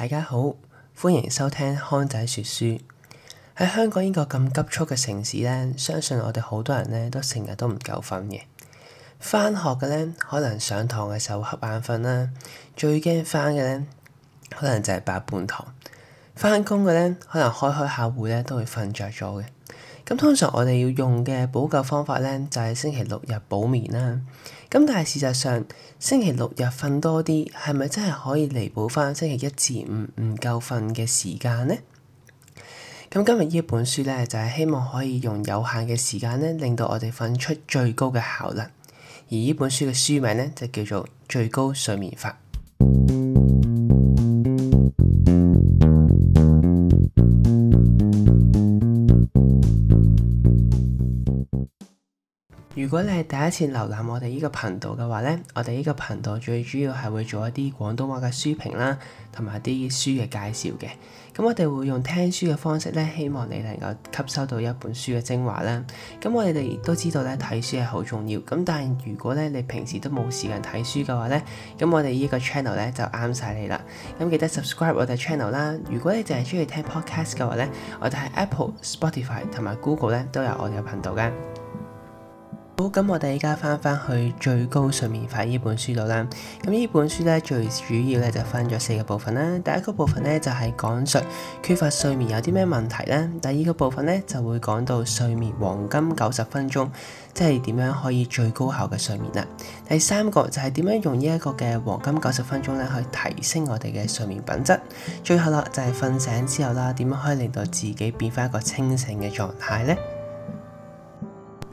大家好，歡迎收聽康仔說書。喺香港呢個咁急促嘅城市咧，相信我哋好多人咧都成日都唔夠瞓嘅。返學嘅咧，可能上堂嘅時候瞌眼瞓啦；最驚返嘅咧，可能就係白半堂。返工嘅咧，可能開開下會咧都會瞓着咗嘅。咁通常我哋要用嘅補救方法咧，就係星期六日補眠啦。咁但係事實上，星期六日瞓多啲，係咪真係可以彌補翻星期一至五唔夠瞓嘅時間咧？咁今日呢本書咧，就係希望可以用有限嘅時間咧，令到我哋瞓出最高嘅效率。而呢本書嘅書名咧，就叫做《最高睡眠法》。如果你係第一次瀏覽我哋呢個頻道嘅話呢，我哋呢個頻道最主要係會做一啲廣東話嘅書評啦，同埋啲書嘅介紹嘅。咁我哋會用聽書嘅方式呢，希望你能夠吸收到一本書嘅精華啦。咁我哋都知道咧，睇書係好重要。咁但係如果咧你平時都冇時間睇書嘅話呢，咁我哋呢個 channel 咧就啱晒你啦。咁記得 subscribe 我哋 channel 啦。如果你淨係中意聽 podcast 嘅話呢，我哋喺 Apple、Spotify 同埋 Google 咧都有我哋嘅頻道嘅。好，咁我哋依家翻翻去《最高睡眠法》呢本書度啦。咁呢本書咧，最主要咧就分咗四個部分啦。第一個部分咧就係講述缺乏睡眠有啲咩問題咧。第二個部分咧就會講到睡眠黃金九十分鐘，即係點樣可以最高效嘅睡眠啦。第三個就係點樣用呢一個嘅黃金九十分鐘咧去提升我哋嘅睡眠品質。最後啦，就係瞓醒之後啦，點樣可以令到自己變翻一個清醒嘅狀態咧？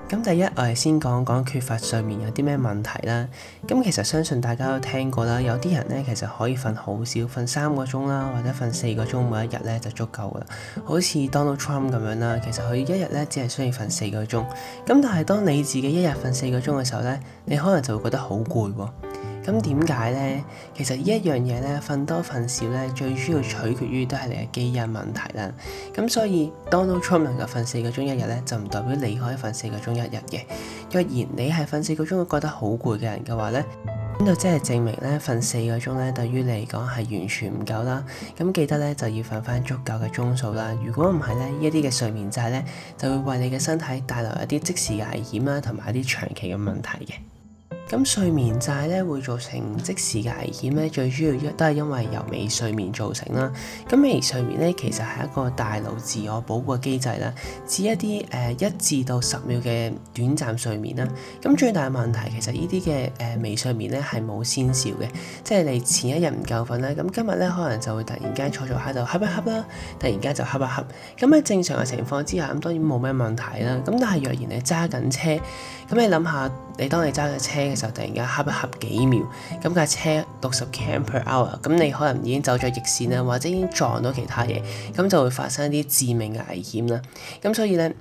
咁第一，我哋先講講缺乏睡眠有啲咩問題啦。咁其實相信大家都聽過啦，有啲人咧其實可以瞓好少，瞓三個鐘啦，或者瞓四個鐘每一日咧就足夠噶啦。好似 Donald Trump 咁樣啦，其實佢一日咧只係需要瞓四個鐘。咁但係當你自己一日瞓四個鐘嘅時候咧，你可能就會覺得好攰喎。咁點解呢？其實呢一樣嘢呢，瞓多瞓少呢，最主要取決於都係你嘅基因問題啦。咁所以 Donald Trump 能夠瞓四個鐘一日呢，就唔代表你可以瞓四個鐘一日嘅。若然你係瞓四個鐘會覺得好攰嘅人嘅話呢，咁就即係證明呢，瞓四個鐘呢對於你嚟講係完全唔夠啦。咁記得呢，就要瞓翻足夠嘅鐘數啦。如果唔係呢，呢一啲嘅睡眠債呢，就會為你嘅身體帶來一啲即時嘅危險啦，同埋一啲長期嘅問題嘅。咁睡眠債咧，會造成即時嘅危險咧，最主要都係因為由微睡眠造成啦。咁微睡眠咧，其實係一個大腦自我保護機制啦，指一啲誒，一至到十秒嘅短暫睡眠啦。咁最大問題其實呢啲嘅，誒微睡眠咧，係冇先兆嘅，即係你前一日唔夠瞓啦，咁今日咧，可能就會突然間坐坐喺度瞌一瞌啦，突然間就瞌一瞌，咁喺正常嘅情況之下，咁當然冇咩問題啦。咁但係若然你揸緊車，咁你諗下，你當你揸緊車。就突然間恰一恰幾秒，咁架車六十 km per hour，咁你可能已經走咗逆線啦，或者已經撞到其他嘢，咁就會發生一啲致命嘅危險啦。咁所以咧，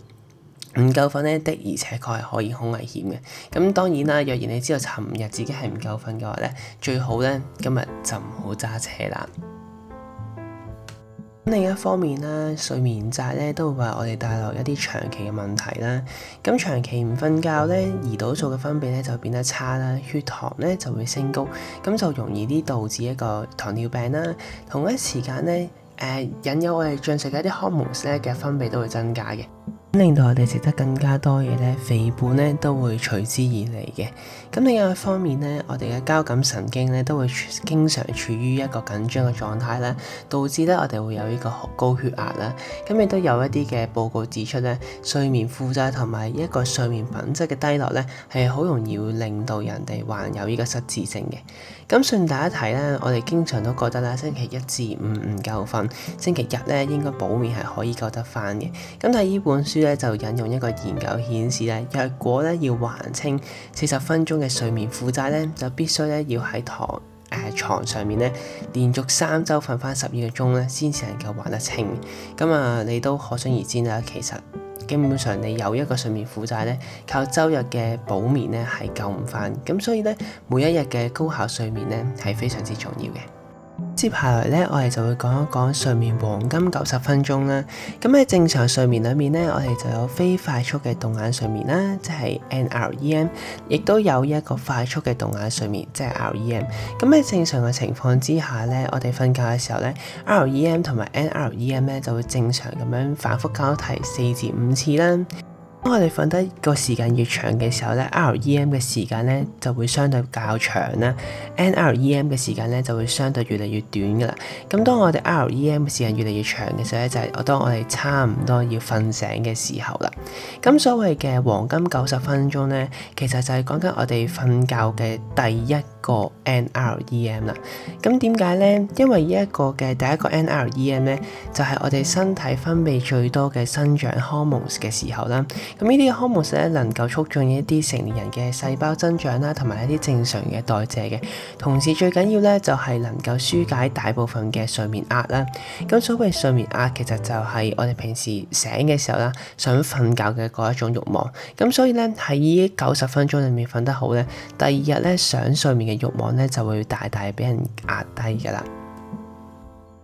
唔夠瞓咧，的而且確係可以好危險嘅。咁當然啦，若然你知道尋日自己係唔夠瞓嘅話咧，最好咧今日就唔好揸車啦。另一方面咧，睡眠債咧都會為我哋帶來一啲長期嘅問題啦。咁長期唔瞓覺咧，胰島素嘅分泌咧就會變得差啦，血糖咧就會升高，咁就容易啲導致一個糖尿病啦。同一時間咧，誒、呃、引誘我哋進食嘅一啲荷爾蒙咧嘅分泌都會增加嘅。令到我哋食得更加多嘢咧，肥胖咧都會隨之而嚟嘅。咁另外一方面咧，我哋嘅交感神經咧都會經常處於一個緊張嘅狀態啦，導致咧我哋會有呢個高血壓啦。咁亦都有一啲嘅報告指出咧，睡眠負債同埋一個睡眠品質嘅低落咧，係好容易會令到人哋患有呢個失智症嘅。咁順帶一提咧，我哋經常都覺得啦，星期一至五唔夠瞓，星期日咧應該補眠係可以夠得翻嘅。咁但係呢本書呢。咧就引用一個研究顯示咧，若果咧要還清四十分鐘嘅睡眠負債咧，就必須咧要喺床誒床上面咧連續三周瞓翻十二個鐘咧，先至能夠還得清。咁啊，你都可想而知啦。其實基本上你有一個睡眠負債咧，靠周日嘅補眠咧係救唔翻。咁所以咧，每一日嘅高效睡眠咧係非常之重要嘅。接下來咧，我哋就會講一講睡眠黃金九十分鐘啦。咁喺正常睡眠裏面咧，我哋就有非快速嘅動眼睡眠啦，即係 NREM，亦都有一個快速嘅動眼睡眠，即係 REM。咁喺正常嘅情況之下咧，我哋瞓覺嘅時候咧 REM 同埋 NREM 咧就會正常咁樣反覆交替四至五次啦。當我哋瞓得個時間越長嘅時候咧，REM 嘅時間咧就會相對較長啦，NREM 嘅時間咧就會相對越嚟越短噶啦。咁當我哋 REM 嘅時間越嚟越長嘅時候咧，就係當我哋差唔多要瞓醒嘅時候啦。咁所謂嘅黃金九十分鐘咧，其實就係講緊我哋瞓覺嘅第一。個 NREM 啦，咁點解呢？因為呢一個嘅第一個 NREM 咧，就係我哋身體分泌最多嘅生長 hormones 嘅時候啦。咁呢啲嘅 hormones 咧，能夠促進一啲成年人嘅細胞增長啦，同埋一啲正常嘅代謝嘅。同時最緊要咧，就係能夠舒解大部分嘅睡眠壓啦。咁所謂睡眠壓，其實就係我哋平時醒嘅時候啦，想瞓覺嘅嗰一種慾望。咁所以咧，喺呢九十分鐘入面瞓得好咧，第二日咧想睡眠嘅慾望咧就會大大俾人壓低㗎啦。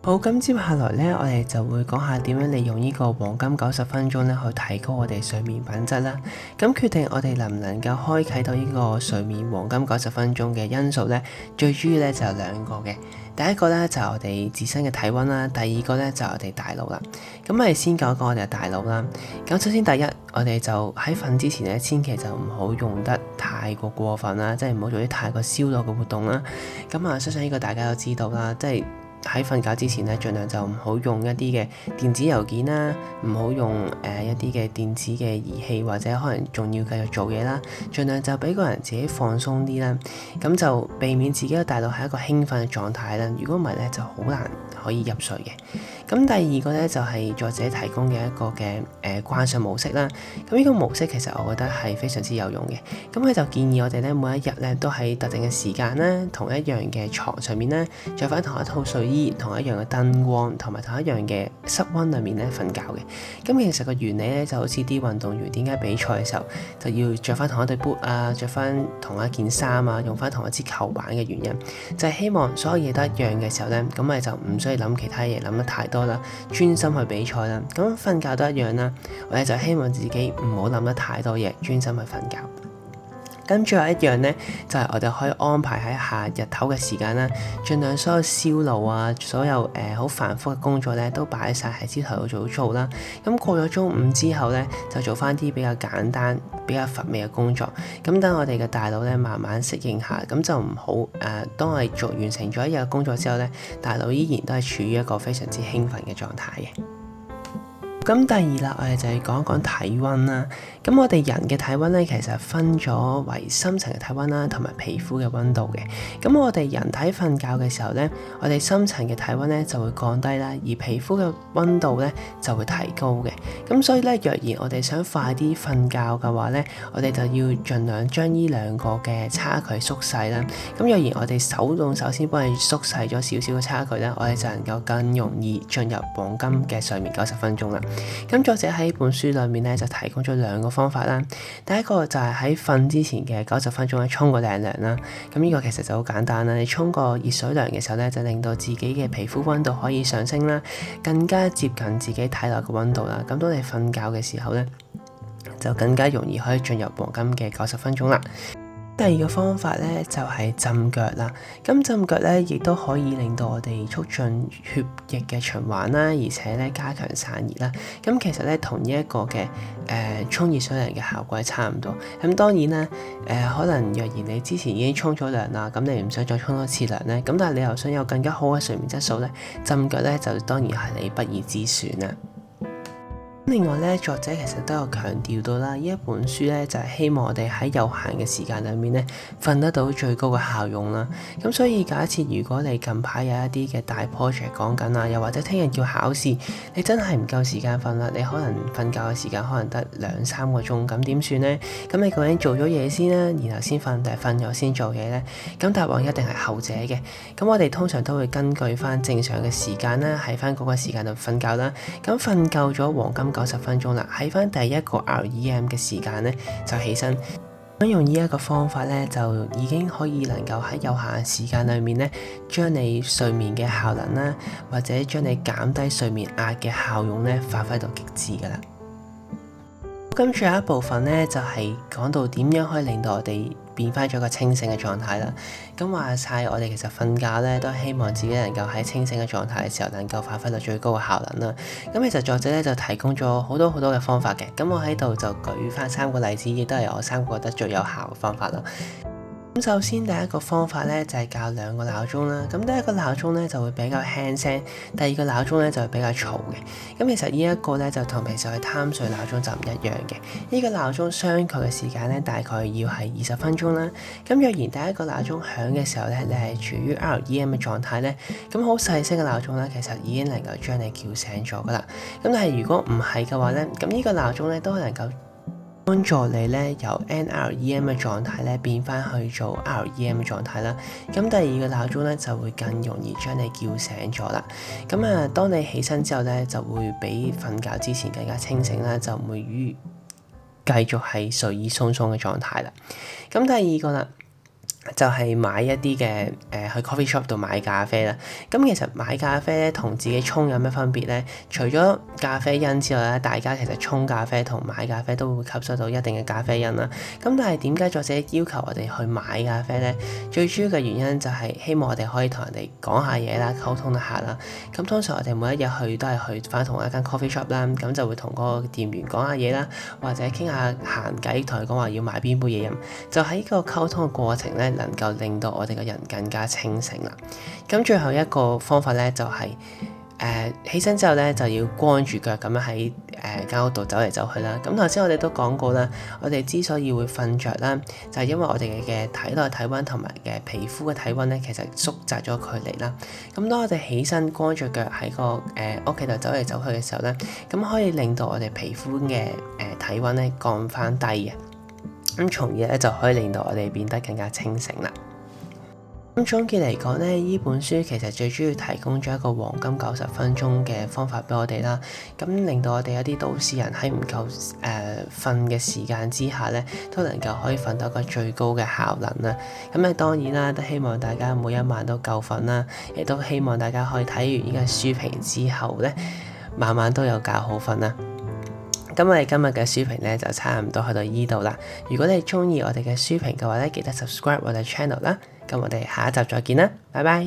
好，咁接下來咧，我哋就會講下點樣利用呢個黃金九十分鐘咧，去提高我哋睡眠品質啦。咁決定我哋能唔能夠開啟到呢個睡眠黃金九十分鐘嘅因素咧，最主要咧就係兩個嘅。第一個咧就係，我哋自身嘅體溫啦，第二個咧就係，我哋大腦啦。咁、嗯、我哋先講講我哋嘅大腦啦。咁首先第一，我哋就喺瞓之前咧，千祈就唔好用得太過過分啦，即係唔好做啲太過燒腦嘅活動啦。咁、嗯、啊，相信呢個大家都知道啦，即係。喺瞓覺之前咧，儘量就唔好用一啲嘅電子郵件啦，唔好用誒、呃、一啲嘅電子嘅儀器，或者可能仲要繼續做嘢啦。儘量就俾個人自己放鬆啲啦，咁就避免自己嘅大腦係一個興奮嘅狀態啦。如果唔係咧，就好難可以入睡嘅。咁第二個咧就係、是、作者提供嘅一個嘅誒關上模式啦。咁、這、呢個模式其實我覺得係非常之有用嘅。咁佢就建議我哋咧，每一日咧都喺特定嘅時間啦、同一樣嘅床上面咧、着翻同一套睡衣、同一樣嘅燈光同埋同一樣嘅室溫裏面咧瞓覺嘅。咁其實個原理咧就好似啲運動員點解比賽嘅時候就要着翻同一對 boot 啊、着翻同一件衫啊、用翻同一支球板嘅原因，就係、是、希望所有嘢都一樣嘅時候咧，咁咪就唔需要諗其他嘢，諗得太多。專心去比賽啦，咁瞓覺都一樣啦。我哋就希望自己唔好諗得太多嘢，專心去瞓覺。咁最後一樣呢，就係、是、我哋可以安排喺下日頭嘅時間啦，盡量所有燒腦啊，所有誒好、呃、繁複嘅工作呢都擺晒喺朝頭早，上早上做啦。咁過咗中午之後呢，就做返啲比較簡單、比較乏味嘅工作。咁等我哋嘅大腦呢慢慢適應下。咁就唔好誒、呃，當係做完成咗一日工作之後呢，大腦依然都係處於一個非常之興奮嘅狀態嘅。咁第二啦，我哋就係講一講體溫啦。咁我哋人嘅體溫咧，其實分咗為深層嘅體溫啦，同埋皮膚嘅溫度嘅。咁我哋人體瞓覺嘅時候咧，我哋深層嘅體溫咧就會降低啦，而皮膚嘅溫度咧就會提高嘅。咁所以咧，若然我哋想快啲瞓覺嘅話咧，我哋就要盡量將呢兩個嘅差距縮細啦。咁若然我哋手動首先幫你縮細咗少少嘅差距咧，我哋就能夠更容易進入黃金嘅睡眠九十分鐘啦。咁作者喺本書裏面咧就提供咗兩個方法啦。第一個就係喺瞓之前嘅九十分鐘咧沖個靚涼啦。咁呢個其實就好簡單啦。你沖個熱水涼嘅時候咧，就令到自己嘅皮膚溫度可以上升啦，更加接近自己體內嘅溫度啦。咁當你瞓覺嘅時候咧，就更加容易可以進入黃金嘅九十分鐘啦。第二個方法咧就係、是、浸腳啦，咁浸腳咧亦都可以令到我哋促進血液嘅循環啦，而且咧加強散熱啦。咁其實咧同呢一個嘅誒沖熱水涼嘅效果係差唔多。咁當然啦，誒、呃、可能若然你之前已經沖咗涼啦，咁你唔想再沖多次涼咧，咁但係你又想有更加好嘅睡眠質素咧，浸腳咧就當然係你不二之選啦。另外咧，作者其實都有強調到啦，呢一本書咧就係希望我哋喺有限嘅時間裏面咧，瞓得到最高嘅效用啦。咁所以假設如果你近排有一啲嘅大 project 講緊啦，又或者聽日要考試，你真係唔夠時間瞓啦，你可能瞓覺嘅時間可能得兩三個鐘，咁點算呢？咁你究竟做咗嘢先啦，然後先瞓定係瞓咗先做嘢呢？咁答案一定係後者嘅。咁我哋通常都會根據翻正常嘅時間啦，喺翻嗰個時間度瞓覺啦。咁瞓夠咗黃金九十分鐘啦，喺翻第一個 REM 嘅時間呢，就起身，咁用呢一個方法呢，就已經可以能夠喺有限嘅時間裏面呢，將你睡眠嘅效能啦，或者將你減低睡眠壓嘅效用呢發揮到極致噶啦。咁仲有一部分咧，就係、是、講到點樣可以令到我哋變翻咗個清醒嘅狀態啦。咁、嗯、話晒，我哋其實瞓覺咧，都希望自己能夠喺清醒嘅狀態嘅時候，能夠發揮到最高嘅效能啦。咁、嗯、其實作者咧就提供咗好多好多嘅方法嘅。咁、嗯、我喺度就舉翻三個例子，亦都係我三個覺得最有效嘅方法啦。首先第一個方法咧就係較兩個鬧鐘啦，咁第一個鬧鐘咧就會比較輕聲，第二個鬧鐘咧就會比較嘈嘅。咁其實呢一個咧就同平常嘅貪睡鬧鐘就唔一樣嘅。呢、這個鬧鐘相隔嘅時間咧大概要係二十分鐘啦。咁若然第一個鬧鐘響嘅時候咧，你係處於 REM 嘅狀態咧，咁好細聲嘅鬧鐘咧其實已經能夠將你叫醒咗㗎喇。咁但係如果唔係嘅話咧，咁、這、呢個鬧鐘咧都係能夠幫助你咧由 NREM 嘅狀態咧變翻去做 REM 嘅狀態啦，咁第二個鬧鐘咧就會更容易將你叫醒咗啦。咁啊，當你起身之後咧，就會比瞓覺之前更加清醒啦，就唔會於繼續係睡意鬆鬆嘅狀態啦。咁啊，第二個啦。就係買一啲嘅誒，去 coffee shop 度買咖啡啦。咁其實買咖啡咧同自己沖有咩分別咧？除咗咖啡因之外咧，大家其實沖咖啡同買咖啡都會吸收到一定嘅咖啡因啦。咁但係點解作者要求我哋去買咖啡咧？最主要嘅原因就係希望我哋可以同人哋講下嘢啦，溝通一下啦。咁通常我哋每一日去都係去返同一間 coffee shop 啦，咁就會同嗰個店員講下嘢啦，或者傾下閒偈，同佢講話要買邊杯嘢飲。就喺個溝通嘅過程咧，能夠令到我哋個人更加清醒啦。咁最後一個方法咧就係、是、誒、呃、起身之後咧就要光住腳咁樣喺誒間屋度走嚟走去啦。咁頭先我哋都講過啦，我哋之所以會瞓着啦，就係、是、因為我哋嘅體內體温同埋嘅皮膚嘅體温咧，其實縮窄咗距離啦。咁當我哋起身光住腳喺個誒、呃、屋企度走嚟走去嘅時候咧，咁可以令到我哋皮膚嘅誒體温咧降翻低嘅。咁從而咧就可以令到我哋變得更加清醒啦。咁總結嚟講咧，依本書其實最主要提供咗一個黃金九十分鐘嘅方法俾我哋啦。咁令到我哋一啲都市人喺唔夠誒瞓嘅時間之下咧，都能夠可以瞓到一個最高嘅效能啦。咁咧當然啦，都希望大家每一晚都夠瞓啦，亦都希望大家可以睇完依個書評之後咧，晚晚都有覺好瞓啦。咁我哋今日嘅書評咧就差唔多去到依度啦。如果你中意我哋嘅書評嘅話咧，記得 subscribe 我哋 channel 啦。咁我哋下一集再見啦，拜拜。